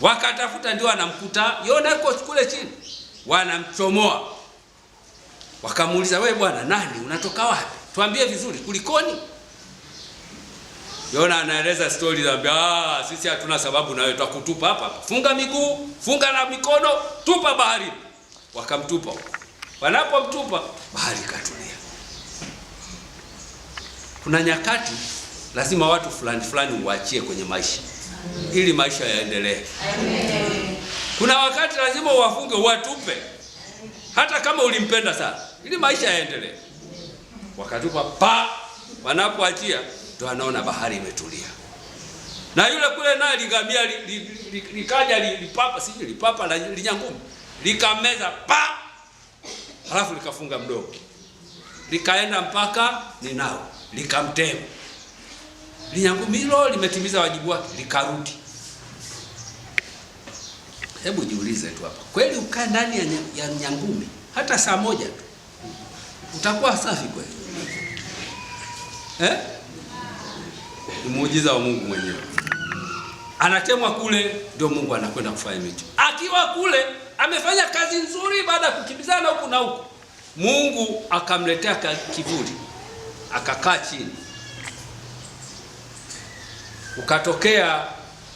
wakatafuta ndio wanamkuta Yona yuko kule chini, wanamchomoa wakamuuliza, we bwana nani? Unatoka wapi? Tuambie vizuri, kulikoni? Yona anaeleza za anambia ah, sisi hatuna sababu na wewe, twakutupa hapa hapa, funga miguu, funga na mikono, tupa bahari. Wakamtupa, wanapomtupa bahari katulia. Kuna nyakati lazima watu fulani fulani uwaachie kwenye maisha ili maisha yaendelee. Kuna wakati lazima uwafunge, watupe hata kama ulimpenda sana, ili maisha yaendelee. Wakatupa pa, wanapoachia ndo anaona bahari imetulia, na yule kule naye ligamia likaja li, li, lipapa sijui lipapa la linyangumu likameza pa, halafu likafunga mdomo likaenda mpaka Ninawi likamtema Linyang'umilo limetimiza wajibu wake likarudi. Hebu jiulize tu hapa, kweli ukae ndani ya nyangumi hata saa moja tu utakuwa safi kweli eh? Ni muujiza wa Mungu mwenyewe. Anatemwa kule, ndio Mungu anakwenda kufanya micho. Akiwa kule amefanya kazi nzuri, baada ya kukimbizana huku na huku, Mungu akamletea kivuli, akakaa chini ukatokea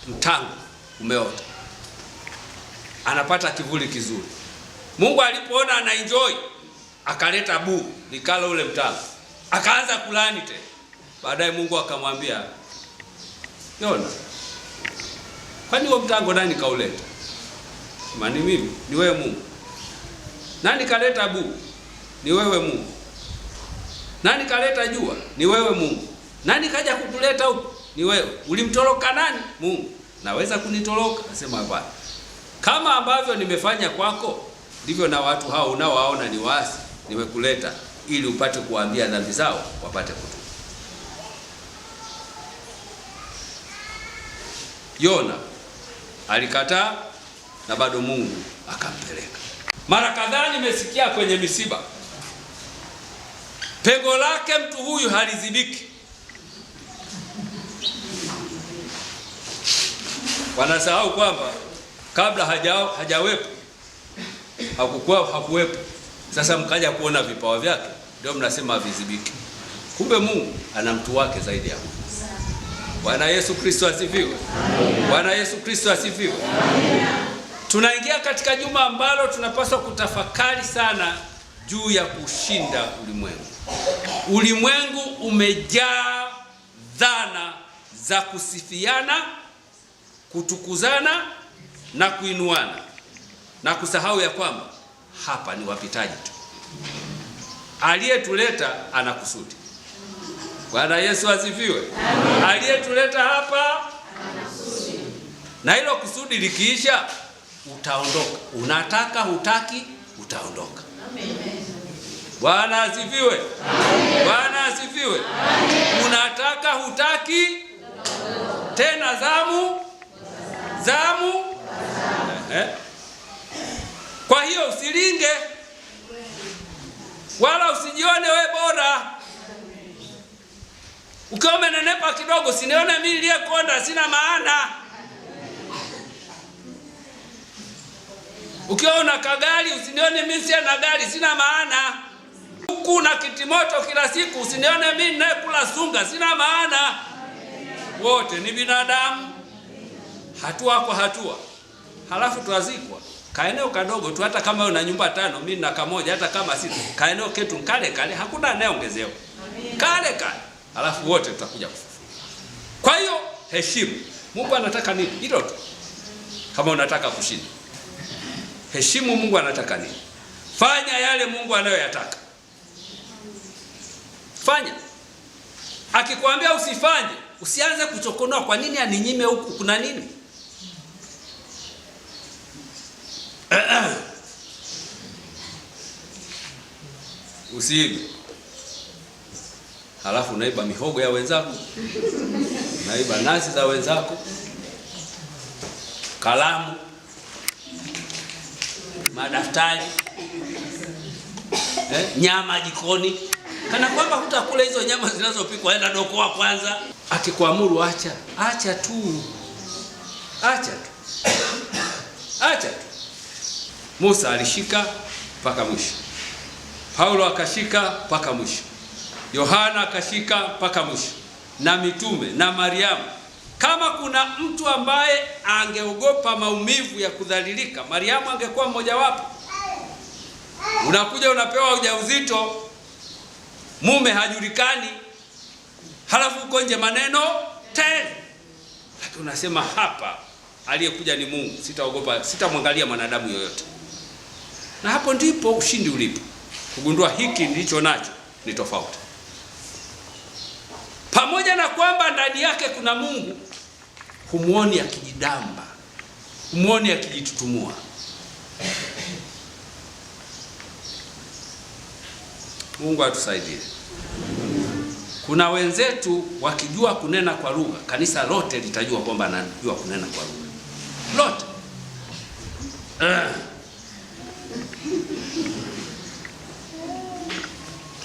mtango umeota, anapata kivuli kizuri. Mungu alipoona ana enjoy, akaleta buu likala ule mtango, akaanza kulani tena. Baadaye Mungu akamwambia Yona, kwani huo mtango nani kauleta? Mani mimi ni wewe Mungu. Nani kaleta buu? Ni wewe Mungu. Nani kaleta jua? Ni wewe Mungu. Nani kaja kukuleta huko? ni wewe. Ulimtoroka nani? Mungu. Naweza kunitoroka? Nasema hapana. Kama ambavyo nimefanya kwako, ndivyo na watu hao unaowaona ni waasi nimekuleta ili upate kuambia dhambi zao wapate kutubu. Yona alikataa na bado Mungu akampeleka. Mara kadhaa nimesikia kwenye misiba, pengo lake mtu huyu halizibiki. Wanasahau kwamba kabla haja hajawepo hakukuwa hakuwepo. Sasa mkaja kuona vipawa vyake, ndio mnasema vizibiki. Kumbe Mungu ana mtu wake zaidi ya Bwana Yesu Kristo asifiwe. Bwana Yesu Kristo asifiwe. Tunaingia katika juma ambalo tunapaswa kutafakari sana juu ya kushinda ulimwengu. Ulimwengu umejaa dhana za kusifiana kutukuzana na kuinuana na kusahau ya kwamba hapa ni wapitaji tu, aliyetuleta ana kusudi. Bwana Yesu asifiwe. Aliyetuleta hapa na hilo kusudi likiisha, utaondoka. Unataka hutaki, utaondoka. Bwana asifiwe. Bwana asifiwe. Unataka hutaki, tena zamu zamu eh? Kwa hiyo usilinge wala usijione we bora. Ukiwa umenenepa kidogo, sinione mimi niliyekonda sina maana. Ukiwa una kagari, usinione mimi sie na gari sina maana. Huku na kitimoto kila siku, usinione mimi ninayekula sunga sina maana. Wote ni binadamu hatua kwa hatua, halafu twazikwa kaeneo kadogo tu. Hata kama una nyumba tano, mimi na kamoja, hata kama sisi kaeneo ketu kale kale, hakuna anayeongezewa kale kale, halafu wote tutakuja kufufuka. Kwa hiyo heshimu Mungu. Anataka nini? Hilo tu. Kama unataka kushinda, heshimu Mungu anataka nini. Fanya yale Mungu anayoyataka fanya. Akikwambia usifanye, usianze kuchokonoa, kwa nini aninyime huku, kuna nini? Eh, eh. usiibe, halafu unaiba mihogo ya wenzako, unaiba nazi za wenzako, kalamu, madaftari eh, nyama jikoni, kana kwamba hutakula hizo nyama zinazopikwa. Enda dokoa kwanza. Akikuamuru acha, acha tu, acha tu, acha tu. Musa alishika mpaka mwisho, Paulo akashika mpaka mwisho, Yohana akashika mpaka mwisho, na mitume na Mariamu. Kama kuna mtu ambaye angeogopa maumivu ya kudhalilika, Mariamu angekuwa mmojawapo. Unakuja unapewa ujauzito, mume hajulikani, halafu uko nje maneno tele, lakini unasema hapa aliyekuja ni Mungu, sitaogopa, sitamwangalia mwanadamu yoyote na hapo ndipo ushindi ulipo, kugundua hiki nilicho nacho ni tofauti, pamoja na kwamba ndani yake kuna Mungu. Humwoni akijidamba, humwoni akijitutumua. Mungu atusaidie. Kuna wenzetu wakijua kunena kwa lugha, kanisa lote litajua kwamba anajua kunena kwa lugha lote uh.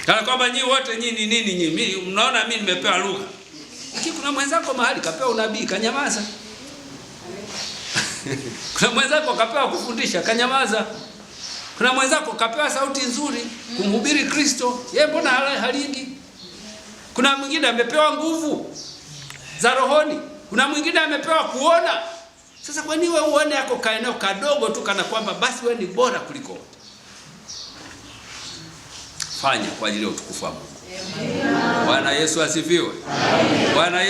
Kana kwamba nyinyi wote nyinyi ni nini nyinyi? Mimi Mnaona mimi nimepewa lugha. Lakini kuna mwenzako mahali kapewa unabii kanyamaza. Kuna mwenzako kapewa kufundisha kanyamaza. Kuna mwenzako kapewa sauti nzuri kumhubiri Kristo, yeye mbona halingi? Kuna mwingine amepewa nguvu za rohoni. Kuna mwingine amepewa kuona. Sasa kwa nini wewe uone yako kaeneo kadogo tu kana kwamba basi wewe ni bora kuliko wote? kufanya kwa ajili ya utukufu wa Mungu. Bwana Yesu asifiwe. Bwana